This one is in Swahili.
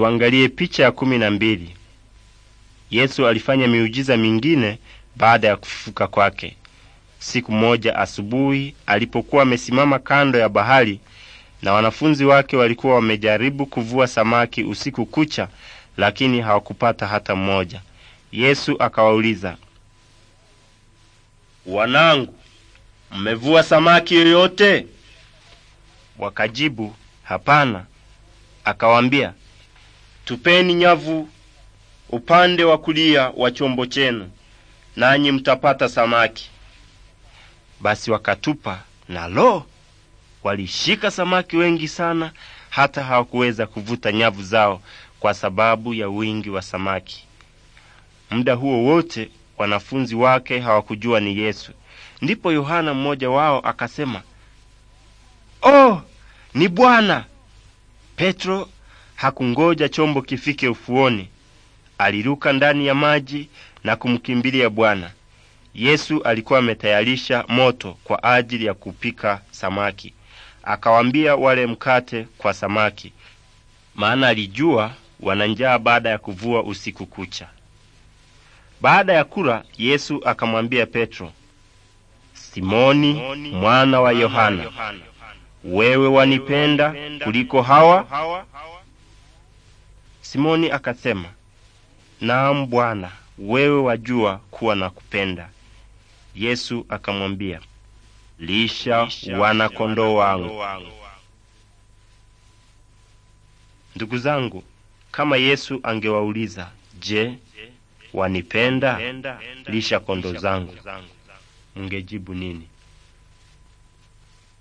Tuangalie picha ya kumi na mbili. Yesu alifanya miujiza mingine baada ya kufufuka kwake. Siku moja asubuhi, alipokuwa amesimama kando ya bahari na wanafunzi wake walikuwa wamejaribu kuvua samaki usiku kucha, lakini hawakupata hata mmoja. Yesu akawauliza, wanangu, mmevua samaki yoyote? Wakajibu, hapana. Akawaambia, Tupeni nyavu upande wa kulia wa chombo chenu, nanyi mtapata samaki. Basi wakatupa, na lo, walishika samaki wengi sana, hata hawakuweza kuvuta nyavu zao kwa sababu ya wingi wa samaki. Muda huo wote wanafunzi wake hawakujua ni Yesu. Ndipo Yohana mmoja wao akasema, oh, ni Bwana. Petro hakungoja chombo kifike ufuoni. Aliruka ndani ya maji na kumkimbilia Bwana. Yesu alikuwa ametayarisha moto kwa ajili ya kupika samaki. akawambia wale mkate kwa samaki, maana alijua wana njaa baada ya kuvua usiku kucha. Baada ya kula, Yesu akamwambia Petro, Simoni mwana wa Yohana, wewe wanipenda kuliko hawa? Simoni akasema, naam Bwana, wewe wajua kuwa nakupenda. Yesu akamwambia, lisha wanakondoo wangu. Ndugu zangu, kama Yesu angewauliza, je, wanipenda? Lisha kondoo zangu, mungejibu nini?